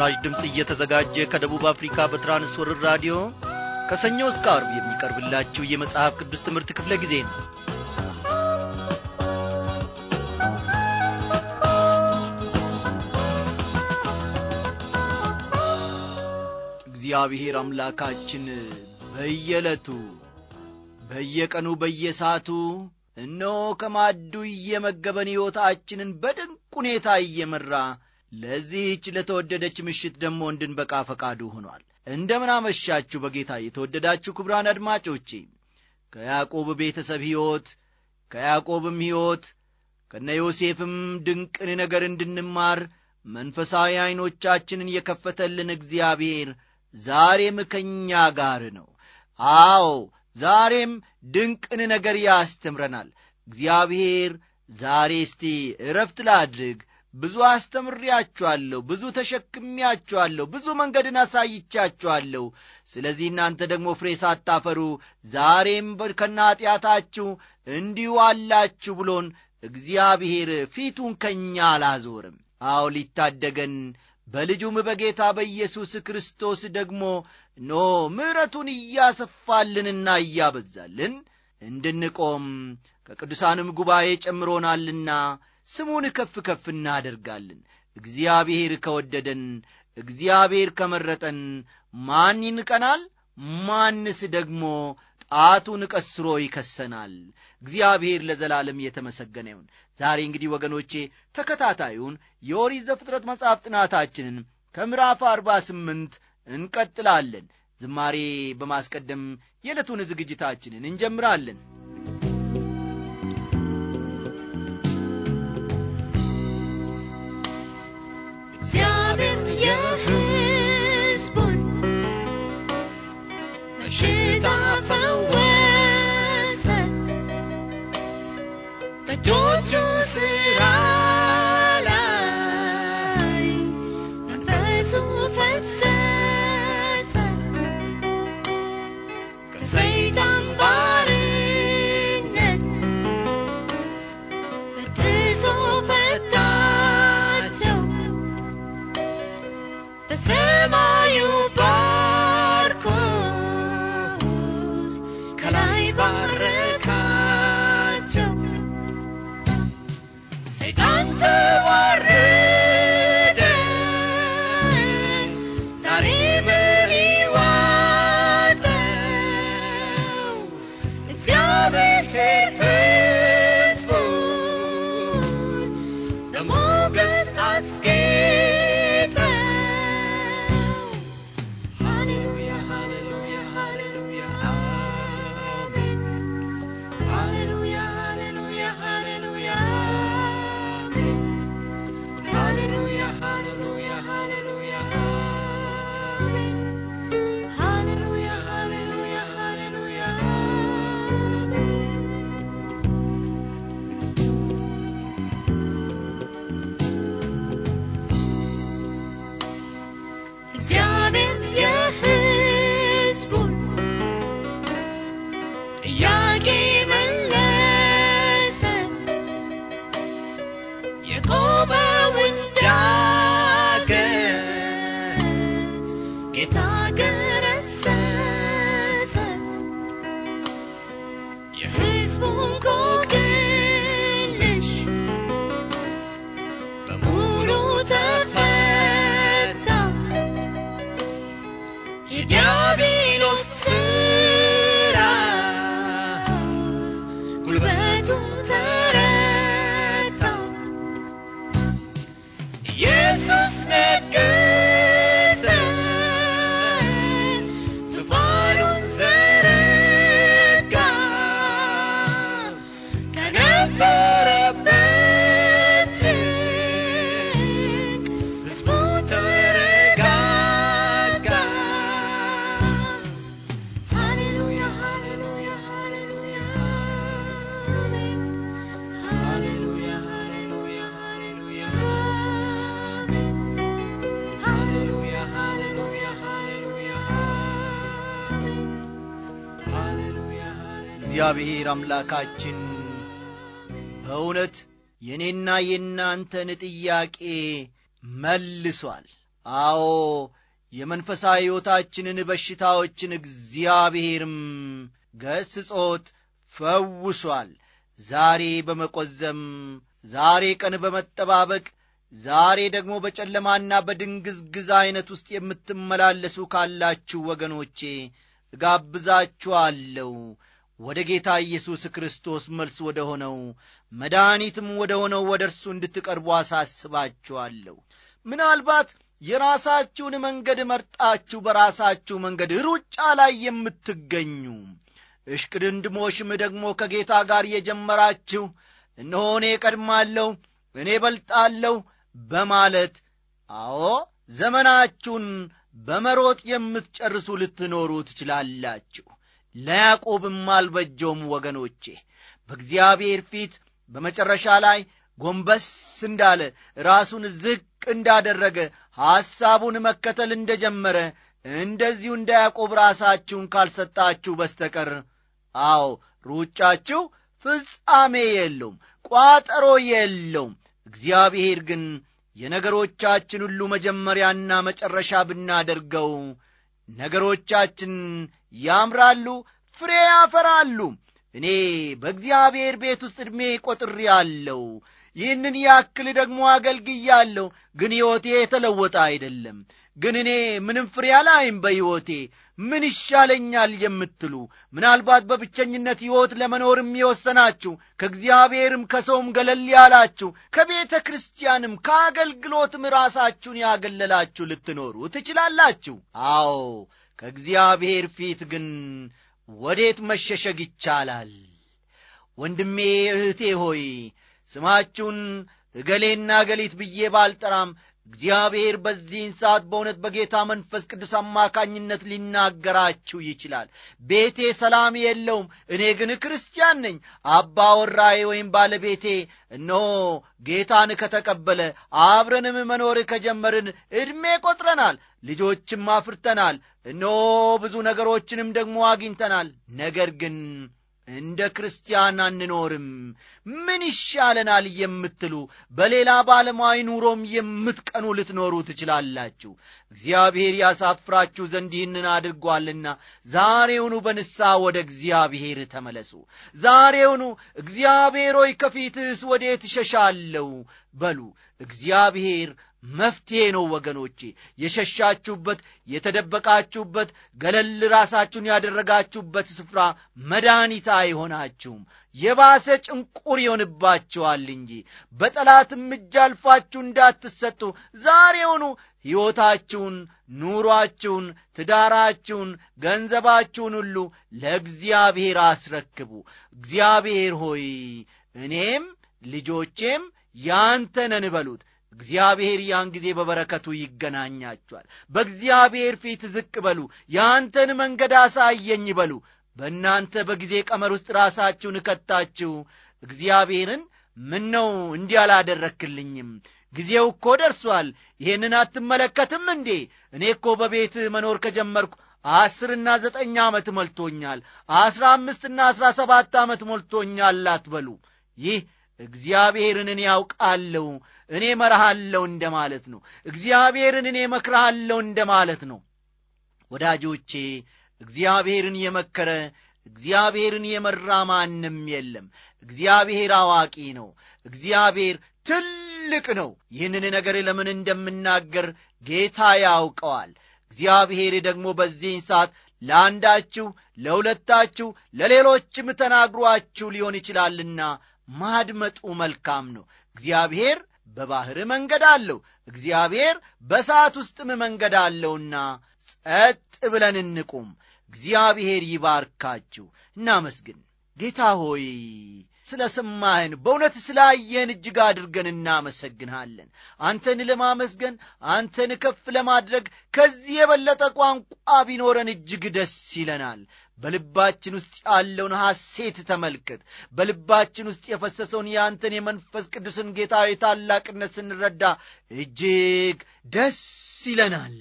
ለምስራች ድምፅ እየተዘጋጀ ከደቡብ አፍሪካ በትራንስወርር ራዲዮ ከሰኞ እስከ አርብ የሚቀርብላችሁ የመጽሐፍ ቅዱስ ትምህርት ክፍለ ጊዜ ነው እግዚአብሔር አምላካችን በየዕለቱ በየቀኑ በየሰዓቱ እነሆ ከማዱ እየመገበን ሕይወታችንን በድንቅ ሁኔታ እየመራ ለዚህች ለተወደደች ምሽት ደግሞ እንድንበቃ ፈቃዱ ሆኗል። እንደምን አመሻችሁ በጌታ የተወደዳችሁ ክቡራን አድማጮቼ። ከያዕቆብ ቤተሰብ ሕይወት ከያዕቆብም ሕይወት ከነ ዮሴፍም ድንቅን ነገር እንድንማር መንፈሳዊ ዐይኖቻችንን የከፈተልን እግዚአብሔር ዛሬም ከእኛ ጋር ነው። አዎ ዛሬም ድንቅን ነገር ያስተምረናል እግዚአብሔር። ዛሬ እስቲ ዕረፍት ላድርግ ብዙ አስተምሬያችኋለሁ፣ ብዙ ተሸክሜያችኋለሁ፣ ብዙ መንገድን አሳይቻችኋለሁ። ስለዚህ እናንተ ደግሞ ፍሬ ሳታፈሩ ዛሬም ከና ኃጢአታችሁ እንዲሁ አላችሁ ብሎን እግዚአብሔር ፊቱን ከእኛ አላዞርም። አዎ ሊታደገን በልጁም በጌታ በኢየሱስ ክርስቶስ ደግሞ ኖ ምሕረቱን እያሰፋልንና እያበዛልን እንድንቆም ከቅዱሳንም ጉባኤ ጨምሮናልና ስሙን ከፍ ከፍ እናደርጋለን። እግዚአብሔር ከወደደን፣ እግዚአብሔር ከመረጠን ማን ይንቀናል? ማንስ ደግሞ ጣቱን ቀስሮ ይከሰናል? እግዚአብሔር ለዘላለም የተመሰገነ ይሁን። ዛሬ እንግዲህ ወገኖቼ ተከታታዩን የኦሪት ዘፍጥረት መጽሐፍ ጥናታችንን ከምዕራፍ አርባ ስምንት እንቀጥላለን። ዝማሬ በማስቀደም የዕለቱን ዝግጅታችንን እንጀምራለን። The sun. እግዚአብሔር አምላካችን በእውነት የእኔና የእናንተን ጥያቄ መልሷል። አዎ የመንፈሳዊ ሕይወታችንን በሽታዎችን እግዚአብሔርም ገስጾት ፈውሷል። ዛሬ በመቈዘም ዛሬ ቀን በመጠባበቅ ዛሬ ደግሞ በጨለማና በድንግዝግዝ ዐይነት ውስጥ የምትመላለሱ ካላችሁ ወገኖቼ እጋብዛችኋለሁ ወደ ጌታ ኢየሱስ ክርስቶስ መልስ ወደ ሆነው መድኃኒትም ወደ ሆነው ወደ እርሱ እንድትቀርቡ አሳስባችኋለሁ። ምናልባት የራሳችሁን መንገድ መርጣችሁ በራሳችሁ መንገድ ሩጫ ላይ የምትገኙ እሽቅድንድሞሽም ደግሞ ከጌታ ጋር የጀመራችሁ እነሆ እኔ ቀድማለሁ፣ እኔ በልጣለሁ በማለት አዎ ዘመናችሁን በመሮጥ የምትጨርሱ ልትኖሩ ትችላላችሁ። ለያዕቆብም አልበጀውም ወገኖቼ በእግዚአብሔር ፊት በመጨረሻ ላይ ጎንበስ እንዳለ ራሱን ዝቅ እንዳደረገ ሐሳቡን መከተል እንደ ጀመረ እንደዚሁ እንደ ያዕቆብ ራሳችሁን ካልሰጣችሁ በስተቀር አዎ ሩጫችሁ ፍጻሜ የለውም ቋጠሮ የለውም እግዚአብሔር ግን የነገሮቻችን ሁሉ መጀመሪያና መጨረሻ ብናደርገው ነገሮቻችን ያምራሉ፣ ፍሬ ያፈራሉ። እኔ በእግዚአብሔር ቤት ውስጥ ዕድሜ ያለው ይህንን ያክል ደግሞ አገልግያለሁ። ግን ሕይወቴ የተለወጠ አይደለም። ግን እኔ ምንም ፍሬ አላይም በሕይወቴ ምን ይሻለኛል የምትሉ ምናልባት በብቸኝነት ሕይወት ለመኖርም የወሰናችሁ ከእግዚአብሔርም ከሰውም ገለል ያላችሁ ከቤተ ክርስቲያንም ከአገልግሎትም ራሳችሁን ያገለላችሁ ልትኖሩ ትችላላችሁ። አዎ ከእግዚአብሔር ፊት ግን ወዴት መሸሸግ ይቻላል? ወንድሜ እህቴ ሆይ ስማችሁን እገሌና እገሊት ብዬ ባልጠራም እግዚአብሔር በዚህን ሰዓት በእውነት በጌታ መንፈስ ቅዱስ አማካኝነት ሊናገራችሁ ይችላል። ቤቴ ሰላም የለውም፣ እኔ ግን ክርስቲያን ነኝ። ወራዬ ወይም ባለቤቴ እኖ ጌታን ከተቀበለ አብረንም መኖር ከጀመርን ዕድሜ ቆጥረናል፣ ልጆችም አፍርተናል፣ እኖ ብዙ ነገሮችንም ደግሞ አግኝተናል። ነገር ግን እንደ ክርስቲያን አንኖርም፣ ምን ይሻለናል የምትሉ በሌላ ባለማዊ ኑሮም የምትቀኑ ልትኖሩ ትችላላችሁ። እግዚአብሔር ያሳፍራችሁ ዘንድ ይህንን አድርጓልና ዛሬውኑ በንሳ ወደ እግዚአብሔር ተመለሱ። ዛሬውኑ እግዚአብሔር ሆይ ከፊትስ ወዴት እሸሻለሁ በሉ። እግዚአብሔር መፍትሔ ነው ወገኖቼ የሸሻችሁበት የተደበቃችሁበት ገለል ራሳችሁን ያደረጋችሁበት ስፍራ መድኃኒት አይሆናችሁም የባሰ ጭንቁር ይሆንባችኋል እንጂ በጠላት እጅ አልፋችሁ እንዳትሰጡ ዛሬውኑ ሕይወታችሁን ኑሯችሁን ትዳራችሁን ገንዘባችሁን ሁሉ ለእግዚአብሔር አስረክቡ እግዚአብሔር ሆይ እኔም ልጆቼም ያንተ ነን በሉት እግዚአብሔር ያን ጊዜ በበረከቱ ይገናኛቸዋል። በእግዚአብሔር ፊት ዝቅ በሉ፣ ያንተን መንገድ አሳየኝ በሉ። በእናንተ በጊዜ ቀመር ውስጥ ራሳችሁን እከታችሁ እግዚአብሔርን ምን ነው እንዲህ አላደረክልኝም? ጊዜው እኮ ደርሷል። ይሄንን አትመለከትም እንዴ? እኔ እኮ በቤት መኖር ከጀመርኩ አስርና ዘጠኝ ዓመት ሞልቶኛል፣ አስራ አምስትና አስራ ሰባት ዓመት ሞልቶኛል አትበሉ። ይህ እግዚአብሔርን እኔ ያውቃለሁ እኔ መርሃለሁ እንደ ማለት ነው። እግዚአብሔርን እኔ መክርሃለሁ እንደ ማለት ነው። ወዳጆቼ እግዚአብሔርን የመከረ እግዚአብሔርን የመራ ማንም የለም። እግዚአብሔር አዋቂ ነው። እግዚአብሔር ትልቅ ነው። ይህንን ነገር ለምን እንደምናገር ጌታ ያውቀዋል። እግዚአብሔር ደግሞ በዚህን ሰዓት ለአንዳችሁ፣ ለሁለታችሁ፣ ለሌሎችም ተናግሯችሁ ሊሆን ይችላልና ማድመጡ መልካም ነው። እግዚአብሔር በባሕር መንገድ አለው፣ እግዚአብሔር በሰዓት ውስጥም መንገድ አለውና ጸጥ ብለን እንቁም። እግዚአብሔር ይባርካችሁ። እናመስግን። ጌታ ሆይ ስለ ሰማህን በእውነት ስላየን እጅግ አድርገን እናመሰግንሃለን። አንተን ለማመስገን አንተን ከፍ ለማድረግ ከዚህ የበለጠ ቋንቋ ቢኖረን እጅግ ደስ ይለናል። በልባችን ውስጥ ያለውን ሐሴት ተመልከት። በልባችን ውስጥ የፈሰሰውን የአንተን የመንፈስ ቅዱስን ጌታ የታላቅነት ስንረዳ እጅግ ደስ ይለናል፣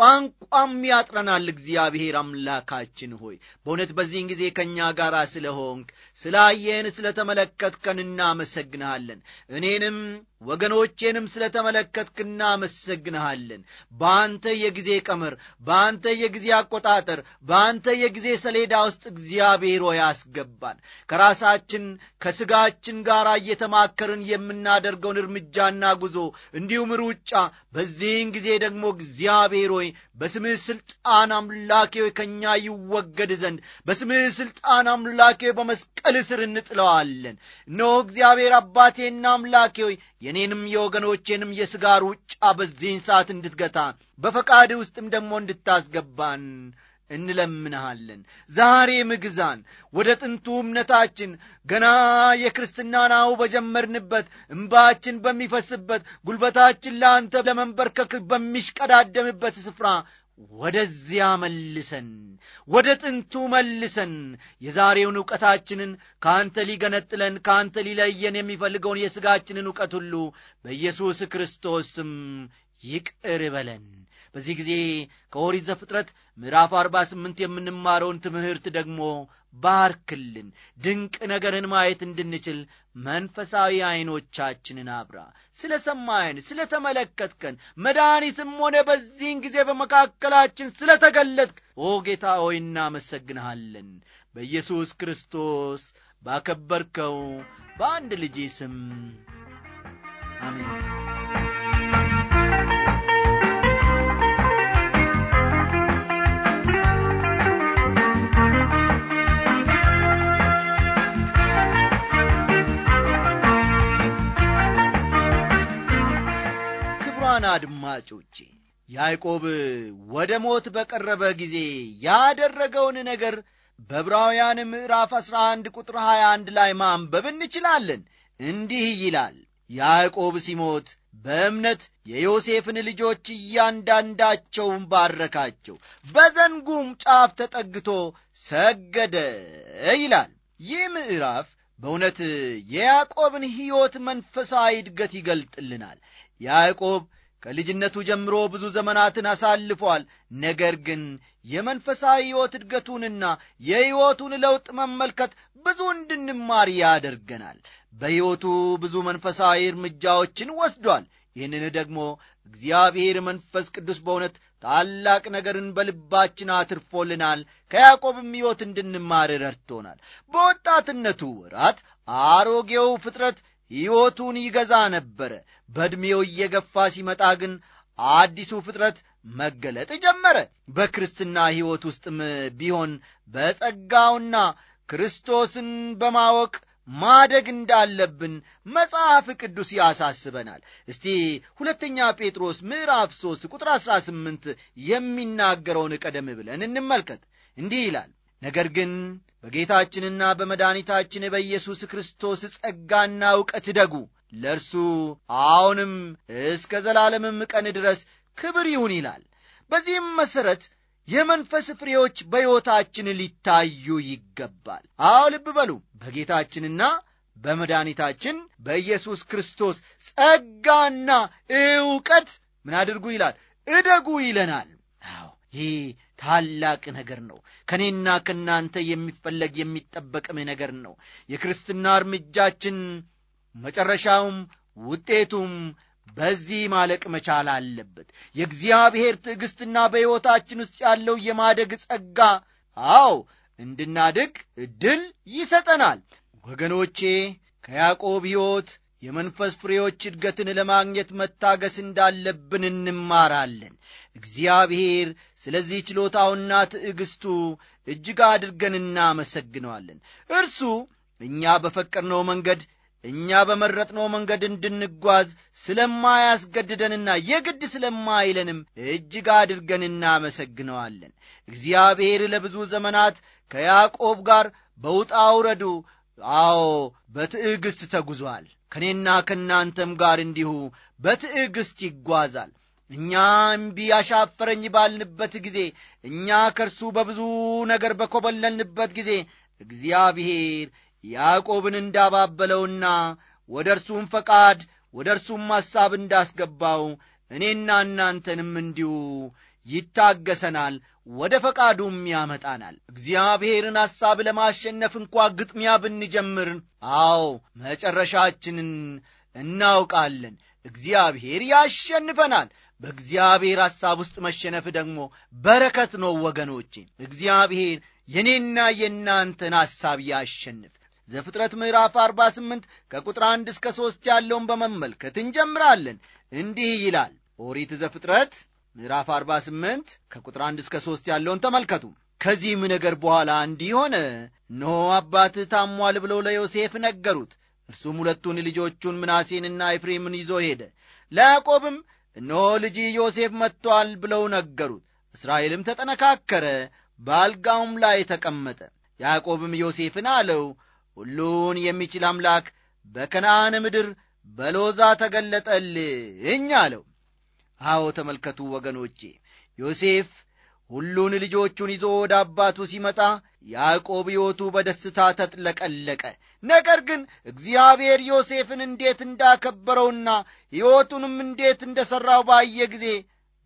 ቋንቋም ያጥረናል። እግዚአብሔር አምላካችን ሆይ በእውነት በዚህን ጊዜ ከእኛ ጋር ስለ ሆንክ፣ ስላየን፣ ስለ ተመለከትከን እናመሰግንሃለን እኔንም ወገኖቼንም ስለ ተመለከትክና አመሰግንሃለን በአንተ የጊዜ ቀመር፣ በአንተ የጊዜ አቆጣጠር፣ በአንተ የጊዜ ሰሌዳ ውስጥ እግዚአብሔር ሆይ አስገባን። ከራሳችን ከሥጋችን ጋር እየተማከርን የምናደርገውን እርምጃና ጉዞ እንዲሁም ሩጫ በዚህን ጊዜ ደግሞ እግዚአብሔር ሆይ በስምህ ሥልጣን አምላኬ ሆይ ከእኛ ይወገድ ዘንድ በስምህ ሥልጣን አምላኬ በመስቀል ስር እንጥለዋለን። እነሆ እግዚአብሔር አባቴና አምላኬ ሆይ የእኔንም የወገኖቼንም የሥጋ ሩጫ በዚህን ሰዓት እንድትገታ በፈቃድ ውስጥም ደግሞ እንድታስገባን እንለምንሃለን። ዛሬም ግዛን። ወደ ጥንቱ እምነታችን ገና የክርስትናን ናው በጀመርንበት እምባችን በሚፈስበት ጉልበታችን ለአንተ ለመንበርከክ በሚሽቀዳደምበት ስፍራ ወደዚያ መልሰን ወደ ጥንቱ መልሰን የዛሬውን ዕውቀታችንን ከአንተ ሊገነጥለን ከአንተ ሊለየን የሚፈልገውን የሥጋችንን ዕውቀት ሁሉ በኢየሱስ ክርስቶስም ይቅር በለን። በዚህ ጊዜ ከኦሪት ዘፍጥረት ምዕራፍ አርባ ስምንት የምንማረውን ትምህርት ደግሞ ባርክልን፣ ድንቅ ነገርን ማየት እንድንችል መንፈሳዊ ዐይኖቻችንን አብራ። ስለ ሰማይን፣ ስለ ተመለከትከን፣ መድኃኒትም ሆነ በዚህን ጊዜ በመካከላችን ስለ ተገለጥክ ኦ ጌታ ሆይ እናመሰግንሃለን። በኢየሱስ ክርስቶስ ባከበርከው በአንድ ልጅ ስም አሜን። ክቡራን አድማጮቼ ያዕቆብ ወደ ሞት በቀረበ ጊዜ ያደረገውን ነገር በብራውያን ምዕራፍ 11 ቁጥር 21 ላይ ማንበብ እንችላለን። እንዲህ ይላል፣ ያዕቆብ ሲሞት በእምነት የዮሴፍን ልጆች እያንዳንዳቸውን ባረካቸው፣ በዘንጉም ጫፍ ተጠግቶ ሰገደ ይላል። ይህ ምዕራፍ በእውነት የያዕቆብን ሕይወት መንፈሳዊ እድገት ይገልጥልናል። ያዕቆብ ከልጅነቱ ጀምሮ ብዙ ዘመናትን አሳልፏል። ነገር ግን የመንፈሳዊ ሕይወት እድገቱንና የሕይወቱን ለውጥ መመልከት ብዙ እንድንማር ያደርገናል። በሕይወቱ ብዙ መንፈሳዊ እርምጃዎችን ወስዷል። ይህንን ደግሞ እግዚአብሔር መንፈስ ቅዱስ በእውነት ታላቅ ነገርን በልባችን አትርፎልናል። ከያዕቆብም ሕይወት እንድንማር ረድቶናል። በወጣትነቱ ወራት አሮጌው ፍጥረት ሕይወቱን ይገዛ ነበረ። በዕድሜው እየገፋ ሲመጣ ግን አዲሱ ፍጥረት መገለጥ ጀመረ። በክርስትና ሕይወት ውስጥም ቢሆን በጸጋውና ክርስቶስን በማወቅ ማደግ እንዳለብን መጽሐፍ ቅዱስ ያሳስበናል። እስቲ ሁለተኛ ጴጥሮስ ምዕራፍ 3 ቁጥር 18 የሚናገረውን ቀደም ብለን እንመልከት። እንዲህ ይላል፣ ነገር ግን በጌታችንና በመድኃኒታችን በኢየሱስ ክርስቶስ ጸጋና ዕውቀት ደጉ ለእርሱ አሁንም እስከ ዘላለምም ቀን ድረስ ክብር ይሁን ይላል። በዚህም መሠረት የመንፈስ ፍሬዎች በሕይወታችን ሊታዩ ይገባል። አዎ ልብ በሉ፣ በጌታችንና በመድኃኒታችን በኢየሱስ ክርስቶስ ጸጋና ዕውቀት ምን አድርጉ ይላል? እደጉ ይለናል። አዎ ይህ ታላቅ ነገር ነው። ከእኔና ከእናንተ የሚፈለግ የሚጠበቅም ነገር ነው። የክርስትና እርምጃችን መጨረሻውም ውጤቱም በዚህ ማለቅ መቻል አለበት። የእግዚአብሔር ትዕግሥትና በሕይወታችን ውስጥ ያለው የማደግ ጸጋ፣ አዎ እንድናድግ ዕድል ይሰጠናል። ወገኖቼ ከያዕቆብ ሕይወት የመንፈስ ፍሬዎች እድገትን ለማግኘት መታገስ እንዳለብን እንማራለን። እግዚአብሔር ስለዚህ ችሎታውና ትዕግሥቱ እጅግ አድርገን እናመሰግነዋለን። እርሱ እኛ በፈቀድነው መንገድ እኛ በመረጥነው መንገድ እንድንጓዝ ስለማያስገድደንና የግድ ስለማይለንም እጅግ አድርገን እናመሰግነዋለን። እግዚአብሔር ለብዙ ዘመናት ከያዕቆብ ጋር በውጣ ውረዱ፣ አዎ በትዕግሥት ተጉዟል። ከእኔና ከእናንተም ጋር እንዲሁ በትዕግሥት ይጓዛል። እኛ እምቢ ያሻፈረኝ ባልንበት ጊዜ፣ እኛ ከእርሱ በብዙ ነገር በኰበለልንበት ጊዜ እግዚአብሔር ያዕቆብን እንዳባበለውና ወደ እርሱም ፈቃድ ወደ እርሱም ሐሳብ እንዳስገባው እኔና እናንተንም እንዲሁ ይታገሰናል፣ ወደ ፈቃዱም ያመጣናል። እግዚአብሔርን ሐሳብ ለማሸነፍ እንኳ ግጥሚያ ብንጀምር፣ አዎ መጨረሻችንን እናውቃለን። እግዚአብሔር ያሸንፈናል። በእግዚአብሔር ሐሳብ ውስጥ መሸነፍ ደግሞ በረከት ነው ወገኖቼ። እግዚአብሔር የኔና የእናንተን ሐሳብ ያሸንፍ። ዘፍጥረት ምዕራፍ 48 ከቁጥር 1 እስከ 3 ያለውን በመመልከት እንጀምራለን። እንዲህ ይላል ኦሪት ዘፍጥረት ምዕራፍ 48 ከቁጥር 1 እስከ 3 ያለውን ተመልከቱ። ከዚህም ነገር በኋላ እንዲህ ሆነ፣ እነሆ አባትህ ታሟል ብለው ለዮሴፍ ነገሩት። እርሱም ሁለቱን ልጆቹን ምናሴንና ኤፍሬምን ይዞ ሄደ። ለያዕቆብም እነሆ ልጅ ዮሴፍ መጥቶአል ብለው ነገሩት። እስራኤልም ተጠነካከረ፣ በአልጋውም ላይ ተቀመጠ። ያዕቆብም ዮሴፍን አለው፣ ሁሉን የሚችል አምላክ በከነአን ምድር በሎዛ ተገለጠልኝ አለው። አዎ ተመልከቱ ወገኖቼ፣ ዮሴፍ ሁሉን ልጆቹን ይዞ ወደ አባቱ ሲመጣ ያዕቆብ ሕይወቱ በደስታ ተጥለቀለቀ። ነገር ግን እግዚአብሔር ዮሴፍን እንዴት እንዳከበረውና ሕይወቱንም እንዴት እንደ ሠራው ባየ ጊዜ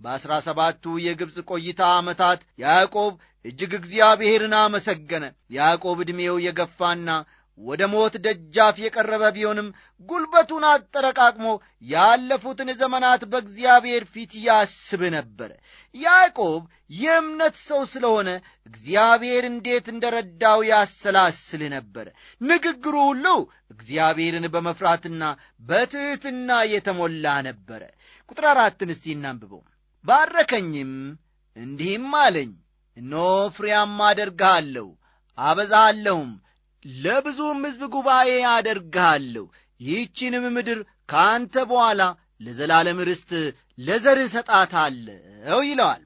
በአሥራ ሰባቱ የግብፅ ቆይታ ዓመታት ያዕቆብ እጅግ እግዚአብሔርን አመሰገነ። ያዕቆብ ዕድሜው የገፋና ወደ ሞት ደጃፍ የቀረበ ቢሆንም ጉልበቱን አጠረቃቅሞ ያለፉትን ዘመናት በእግዚአብሔር ፊት ያስብ ነበረ። ያዕቆብ የእምነት ሰው ስለሆነ እግዚአብሔር እንዴት እንደረዳው ያሰላስል ነበረ። ንግግሩ ሁሉ እግዚአብሔርን በመፍራትና በትሕትና የተሞላ ነበረ። ቁጥር አራትን እስቲ እናንብበው። ባረከኝም እንዲህም አለኝ፣ እነሆ ፍሬያም አደርግሃለሁ አበዛሃለሁም ለብዙም ሕዝብ ጉባኤ አደርግሃለሁ፣ ይህችንም ምድር ከአንተ በኋላ ለዘላለም ርስት ለዘር እሰጣታለሁ ይለዋል።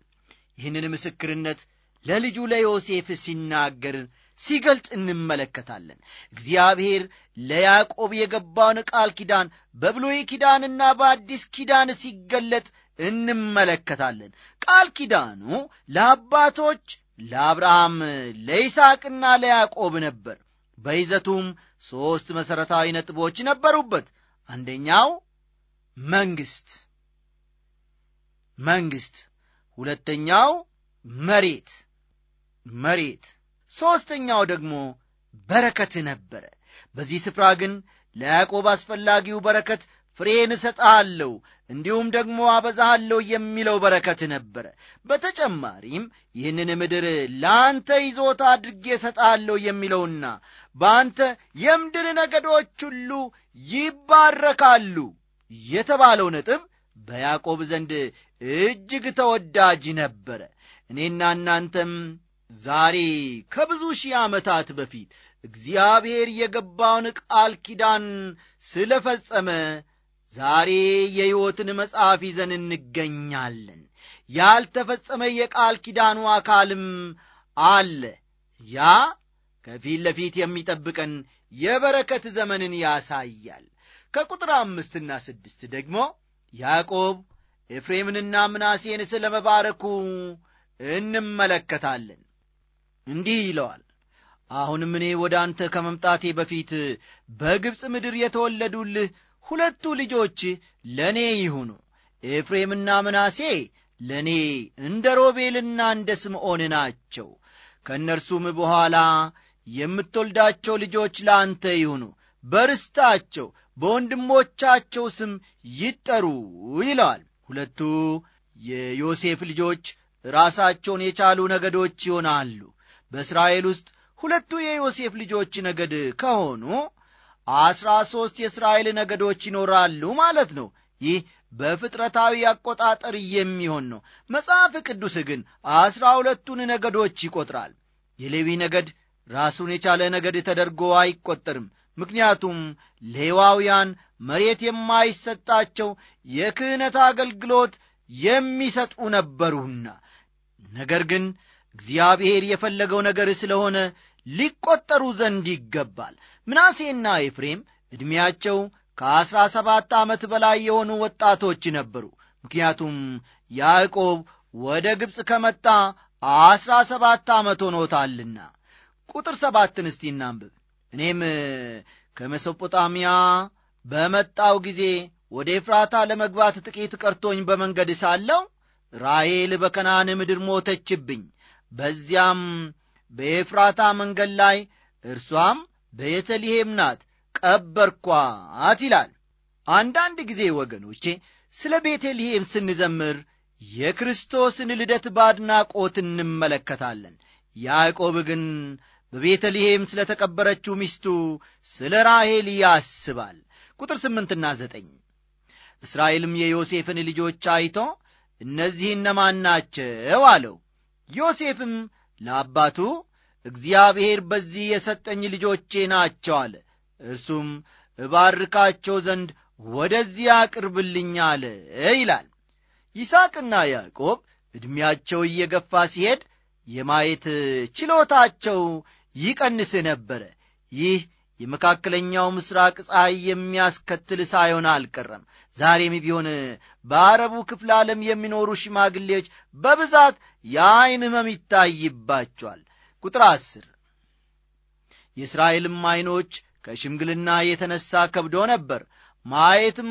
ይህንን ምስክርነት ለልጁ ለዮሴፍ ሲናገር ሲገልጥ እንመለከታለን። እግዚአብሔር ለያዕቆብ የገባውን ቃል ኪዳን በብሉይ ኪዳንና በአዲስ ኪዳን ሲገለጥ እንመለከታለን። ቃል ኪዳኑ ለአባቶች ለአብርሃም ለይስቅና ለያዕቆብ ነበር። በይዘቱም ሦስት መሠረታዊ ነጥቦች ነበሩበት። አንደኛው መንግሥት መንግሥት፣ ሁለተኛው መሬት መሬት፣ ሦስተኛው ደግሞ በረከት ነበረ። በዚህ ስፍራ ግን ለያዕቆብ አስፈላጊው በረከት ፍሬን እሰጥሃለሁ እንዲሁም ደግሞ አበዛሃለሁ የሚለው በረከት ነበረ። በተጨማሪም ይህንን ምድር ለአንተ ይዞታ አድርጌ እሰጥሃለሁ የሚለውና በአንተ የምድር ነገዶች ሁሉ ይባረካሉ የተባለው ነጥብ በያዕቆብ ዘንድ እጅግ ተወዳጅ ነበረ። እኔና እናንተም ዛሬ ከብዙ ሺህ ዓመታት በፊት እግዚአብሔር የገባውን ቃል ኪዳን ስለ ፈጸመ ዛሬ የሕይወትን መጽሐፍ ይዘን እንገኛለን። ያልተፈጸመ የቃል ኪዳኑ አካልም አለ። ያ ከፊት ለፊት የሚጠብቀን የበረከት ዘመንን ያሳያል። ከቁጥር አምስትና ስድስት ደግሞ ያዕቆብ ኤፍሬምንና ምናሴን ስለ መባረኩ እንመለከታለን። እንዲህ ይለዋል አሁንም እኔ ወደ አንተ ከመምጣቴ በፊት በግብፅ ምድር የተወለዱልህ ሁለቱ ልጆች ለእኔ ይሁኑ ኤፍሬምና ምናሴ ለእኔ እንደ ሮቤልና እንደ ስምዖን ናቸው ከእነርሱም በኋላ የምትወልዳቸው ልጆች ለአንተ ይሁኑ በርስታቸው በወንድሞቻቸው ስም ይጠሩ ይለዋል ሁለቱ የዮሴፍ ልጆች ራሳቸውን የቻሉ ነገዶች ይሆናሉ በእስራኤል ውስጥ ሁለቱ የዮሴፍ ልጆች ነገድ ከሆኑ አስራ ሦስት የእስራኤል ነገዶች ይኖራሉ ማለት ነው። ይህ በፍጥረታዊ አቆጣጠር የሚሆን ነው። መጽሐፍ ቅዱስ ግን አስራ ሁለቱን ነገዶች ይቆጥራል። የሌዊ ነገድ ራሱን የቻለ ነገድ ተደርጎ አይቆጠርም። ምክንያቱም ሌዋውያን መሬት የማይሰጣቸው የክህነት አገልግሎት የሚሰጡ ነበሩና ነገር ግን እግዚአብሔር የፈለገው ነገር ስለሆነ ሊቆጠሩ ዘንድ ይገባል። ምናሴና ኤፍሬም ዕድሜያቸው ከአሥራ ሰባት ዓመት በላይ የሆኑ ወጣቶች ነበሩ። ምክንያቱም ያዕቆብ ወደ ግብፅ ከመጣ አሥራ ሰባት ዓመት ሆኖታልና። ቁጥር ሰባትን እስቲ እናንብብ። እኔም ከመሶጶጣሚያ በመጣው ጊዜ ወደ ኤፍራታ ለመግባት ጥቂት ቀርቶኝ በመንገድ ሳለው ራሔል በከናን ምድር ሞተችብኝ። በዚያም በኤፍራታ መንገድ ላይ እርሷም በየተልሔም ናት ቀበርኳት ይላል። አንዳንድ ጊዜ ወገኖቼ ስለ ቤተልሔም ስንዘምር የክርስቶስን ልደት በአድናቆት እንመለከታለን። ያዕቆብ ግን በቤተልሔም ስለ ተቀበረችው ሚስቱ ስለ ራሔል ያስባል። ቁጥር ስምንትና ዘጠኝ እስራኤልም የዮሴፍን ልጆች አይቶ እነዚህ እነማን ናቸው አለው። ዮሴፍም ለአባቱ እግዚአብሔር በዚህ የሰጠኝ ልጆቼ ናቸው አለ። እርሱም እባርካቸው ዘንድ ወደዚህ አቅርብልኝ አለ ይላል። ይስቅና ያዕቆብ ዕድሜያቸው እየገፋ ሲሄድ የማየት ችሎታቸው ይቀንስ ነበረ። ይህ የመካከለኛው ምስራቅ ፀሐይ የሚያስከትል ሳይሆን አልቀረም። ዛሬም ቢሆን በአረቡ ክፍለ ዓለም የሚኖሩ ሽማግሌዎች በብዛት የዐይን ህመም ይታይባቸዋል። ቁጥር አስር የእስራኤልም ዐይኖች ከሽምግልና የተነሣ ከብዶ ነበር፣ ማየትም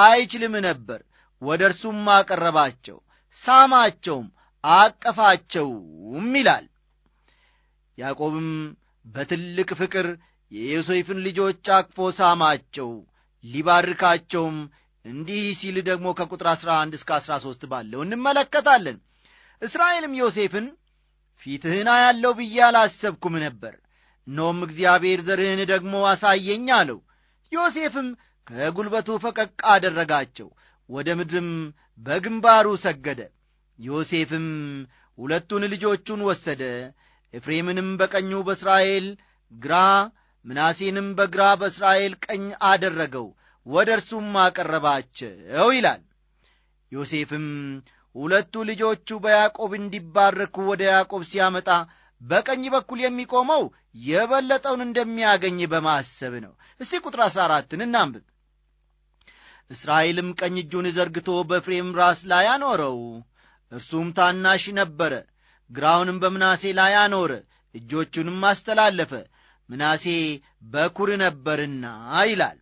አይችልም ነበር። ወደ እርሱም አቀረባቸው፣ ሳማቸውም፣ አቀፋቸውም ይላል። ያዕቆብም በትልቅ ፍቅር የዮሴፍን ልጆች አቅፎ ሳማቸው፣ ሊባርካቸውም እንዲህ ሲል ደግሞ ከቁጥር 11 እስከ 13 ባለው እንመለከታለን። እስራኤልም ዮሴፍን ፊትህን አያለው ብዬ አላሰብኩም ነበር፣ እነሆም እግዚአብሔር ዘርህን ደግሞ አሳየኝ አለው። ዮሴፍም ከጉልበቱ ፈቀቅ አደረጋቸው፣ ወደ ምድርም በግንባሩ ሰገደ። ዮሴፍም ሁለቱን ልጆቹን ወሰደ፣ ኤፍሬምንም በቀኙ በእስራኤል ግራ ምናሴንም በግራ በእስራኤል ቀኝ አደረገው፣ ወደ እርሱም አቀረባቸው ይላል። ዮሴፍም ሁለቱ ልጆቹ በያዕቆብ እንዲባረኩ ወደ ያዕቆብ ሲያመጣ በቀኝ በኩል የሚቆመው የበለጠውን እንደሚያገኝ በማሰብ ነው። እስቲ ቁጥር አሥራ አራትን እናንብብ። እስራኤልም ቀኝ እጁን ዘርግቶ በፍሬም ራስ ላይ አኖረው፣ እርሱም ታናሽ ነበረ። ግራውንም በምናሴ ላይ አኖረ፣ እጆቹንም አስተላለፈ። ምናሴ በኩር ነበርና ይላል።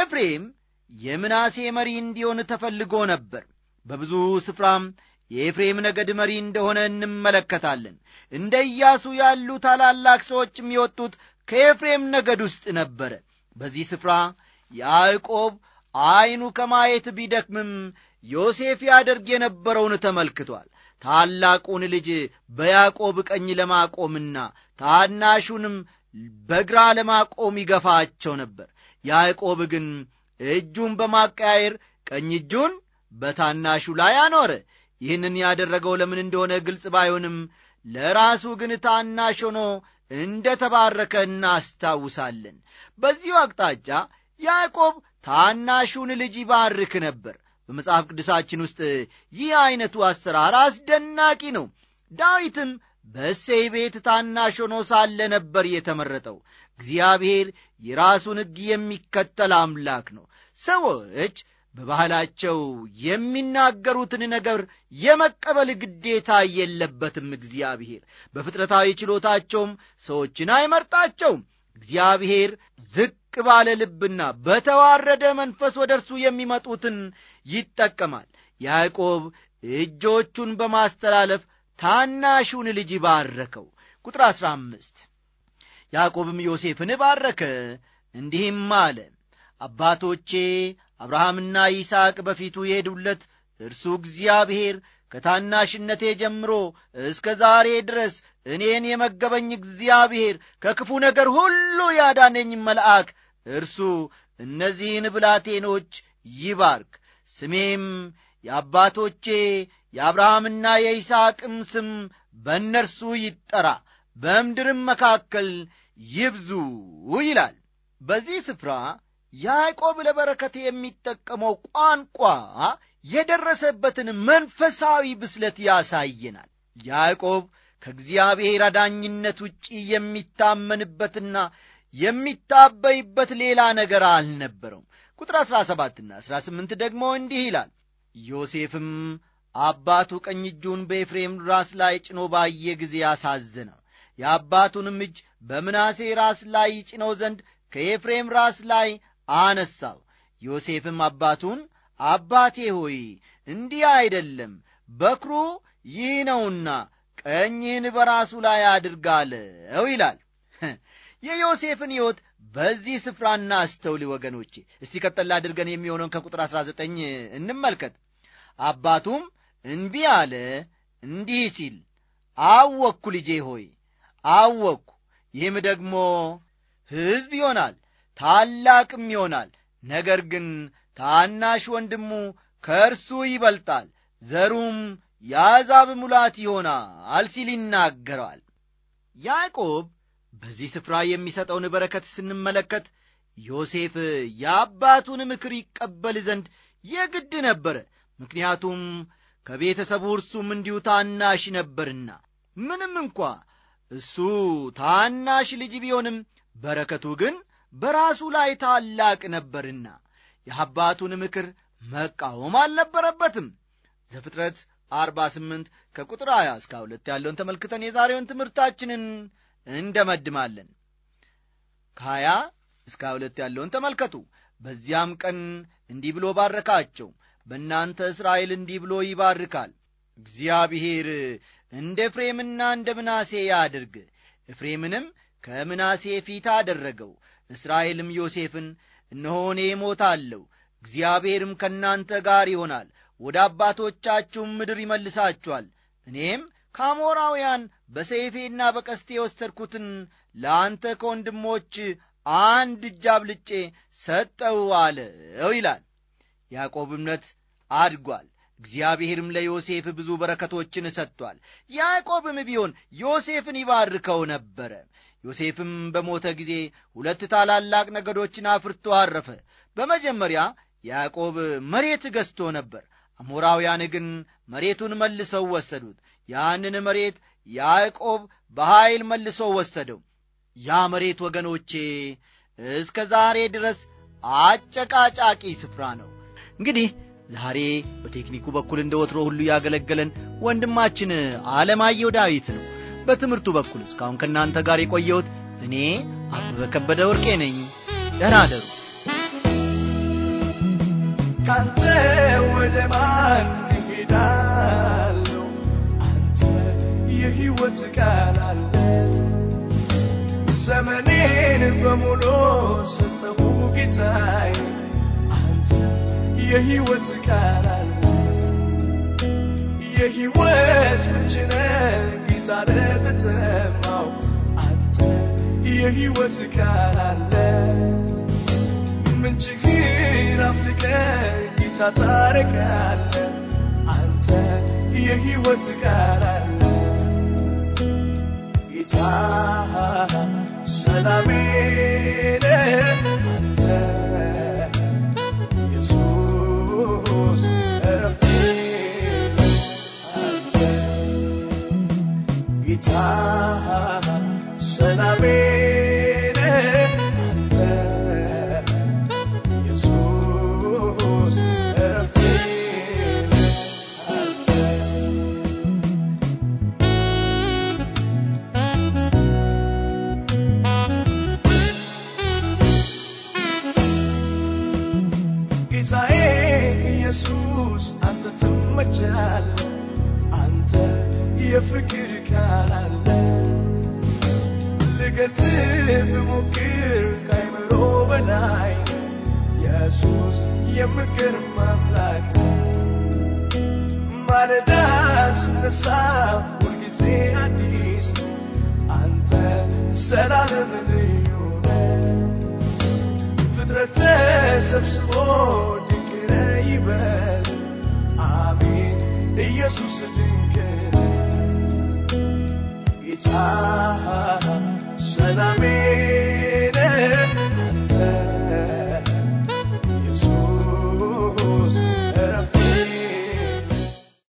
ኤፍሬም የምናሴ መሪ እንዲሆን ተፈልጎ ነበር። በብዙ ስፍራም የኤፍሬም ነገድ መሪ እንደሆነ እንመለከታለን። እንደ ኢያሱ ያሉ ታላላቅ ሰዎች የሚወጡት ከኤፍሬም ነገድ ውስጥ ነበረ። በዚህ ስፍራ ያዕቆብ ዐይኑ ከማየት ቢደክምም ዮሴፍ ያደርግ የነበረውን ተመልክቷል። ታላቁን ልጅ በያዕቆብ ቀኝ ለማቆምና ታናሹንም በግራ ለማቆም ይገፋቸው ነበር። ያዕቆብ ግን እጁን በማቀያየር ቀኝ እጁን በታናሹ ላይ አኖረ። ይህንን ያደረገው ለምን እንደሆነ ግልጽ ባይሆንም ለራሱ ግን ታናሽ ሆኖ እንደ ተባረከ እናስታውሳለን። በዚሁ አቅጣጫ ያዕቆብ ታናሹን ልጅ ይባርክ ነበር። በመጽሐፍ ቅዱሳችን ውስጥ ይህ ዐይነቱ አሰራር አስደናቂ ነው። ዳዊትም በእሴይ ቤት ታናሽ ሆኖ ሳለ ነበር የተመረጠው። እግዚአብሔር የራሱን ሕግ የሚከተል አምላክ ነው። ሰዎች በባህላቸው የሚናገሩትን ነገር የመቀበል ግዴታ የለበትም። እግዚአብሔር በፍጥረታዊ ችሎታቸውም ሰዎችን አይመርጣቸውም። እግዚአብሔር ዝቅ ባለ ልብና በተዋረደ መንፈስ ወደ እርሱ የሚመጡትን ይጠቀማል። ያዕቆብ እጆቹን በማስተላለፍ ታናሹን ልጅ ባረከው። ቁጥር አሥራ አምስት ያዕቆብም ዮሴፍን ባረከ እንዲህም አለ አባቶቼ አብርሃምና ይስሐቅ በፊቱ የሄዱለት እርሱ እግዚአብሔር ከታናሽነቴ ጀምሮ እስከ ዛሬ ድረስ እኔን የመገበኝ እግዚአብሔር ከክፉ ነገር ሁሉ ያዳነኝ መልአክ እርሱ እነዚህን ብላቴኖች ይባርክ ስሜም የአባቶቼ የአብርሃምና የይስሐቅም ስም በእነርሱ ይጠራ፣ በምድርም መካከል ይብዙ ይላል። በዚህ ስፍራ ያዕቆብ ለበረከት የሚጠቀመው ቋንቋ የደረሰበትን መንፈሳዊ ብስለት ያሳየናል። ያዕቆብ ከእግዚአብሔር አዳኝነት ውጪ የሚታመንበትና የሚታበይበት ሌላ ነገር አልነበረውም። ቁጥር 17ና 18 ደግሞ እንዲህ ይላል ዮሴፍም አባቱ ቀኝ እጁን በኤፍሬም ራስ ላይ ጭኖ ባየ ጊዜ አሳዘነው። የአባቱንም እጅ በምናሴ ራስ ላይ ይጭነው ዘንድ ከኤፍሬም ራስ ላይ አነሳው። ዮሴፍም አባቱን አባቴ ሆይ እንዲህ አይደለም፣ በክሩ ይህ ነውና ቀኝህን በራሱ ላይ አድርጋለው ይላል። የዮሴፍን ሕይወት በዚህ ስፍራ አስተውሊ ወገኖቼ። እስቲ ቀጠል አድርገን የሚሆነውን ከቁጥር 19 እንመልከት። አባቱም እንቢ አለ እንዲህ ሲል አወቅኩ ልጄ ሆይ አወቅኩ፣ ይህም ደግሞ ሕዝብ ይሆናል ታላቅም ይሆናል። ነገር ግን ታናሽ ወንድሙ ከእርሱ ይበልጣል፣ ዘሩም የአዛብ ሙላት ይሆናል ሲል ይናገረዋል ያዕቆብ በዚህ ስፍራ የሚሰጠውን በረከት ስንመለከት ዮሴፍ የአባቱን ምክር ይቀበል ዘንድ የግድ ነበረ። ምክንያቱም ከቤተሰቡ እርሱም እንዲሁ ታናሽ ነበርና፣ ምንም እንኳ እሱ ታናሽ ልጅ ቢሆንም በረከቱ ግን በራሱ ላይ ታላቅ ነበርና የአባቱን ምክር መቃወም አልነበረበትም። ዘፍጥረት 48 ከቁጥር 20 እስከ 2 ያለውን ተመልክተን የዛሬውን ትምህርታችንን እንደመድማለን። ከሀያ እስከ ሁለት ያለውን ተመልከቱ። በዚያም ቀን እንዲህ ብሎ ባረካቸው። በእናንተ እስራኤል እንዲህ ብሎ ይባርካል እግዚአብሔር እንደ ፍሬምና እንደ ምናሴ ያድርግ። እፍሬምንም ከምናሴ ፊት አደረገው፣ እስራኤልም ዮሴፍን እነሆ እኔ እሞታለሁ፣ እግዚአብሔርም ከእናንተ ጋር ይሆናል፣ ወደ አባቶቻችሁም ምድር ይመልሳችኋል፣ እኔም ከአሞራውያን በሰይፌና በቀስቴ የወሰድኩትን ለአንተ ከወንድሞች አንድ እጅ አብልጬ ሰጠው አለው ይላል። ያዕቆብ እምነት አድጓል። እግዚአብሔርም ለዮሴፍ ብዙ በረከቶችን ሰጥቷል። ያዕቆብም ቢሆን ዮሴፍን ይባርከው ነበረ። ዮሴፍም በሞተ ጊዜ ሁለት ታላላቅ ነገዶችን አፍርቶ አረፈ። በመጀመሪያ ያዕቆብ መሬት ገዝቶ ነበር። አሞራውያን ግን መሬቱን መልሰው ወሰዱት። ያንን መሬት ያዕቆብ በኀይል መልሶ ወሰደው። ያ መሬት ወገኖቼ እስከ ዛሬ ድረስ አጨቃጫቂ ስፍራ ነው። እንግዲህ ዛሬ በቴክኒኩ በኩል እንደ ወትሮ ሁሉ ያገለገለን ወንድማችን አለማየሁ ዳዊት ነው። በትምህርቱ በኩል እስካሁን ከእናንተ ጋር የቆየሁት እኔ አበበ ከበደ ወርቄ ነኝ። ደህና ካንተ ወደ ማን ሄዳ የህይወት ቃል አለ ዘመኔን በሙሉ ሰጠሁ ጌታዬ አንተ የህይወት ቃል አለ የህይወት ምንጭነ ጌታነ ተጠማው አንተ የህይወት ቃል አለ ምንጭህን አፍልቀ ጌታ ታረቃለ አንተ የህይወት ቃል አለ ጌታ ኢየሱስ ይሻል አንተ የፍቅር ቃል አለ ልገልጽህ ብሞክር ከአይምሮ በላይ ኢየሱስ የምገርም ማምላክ ነው ማለዳ ስነሳ ሁልጊዜ አዲስ አንተ ሰላምን ሆነ ፍጥረት ተሰብስቦ ድንቅ ይበል ኢየሱስ ድንቅ ጌታ ሰላሜ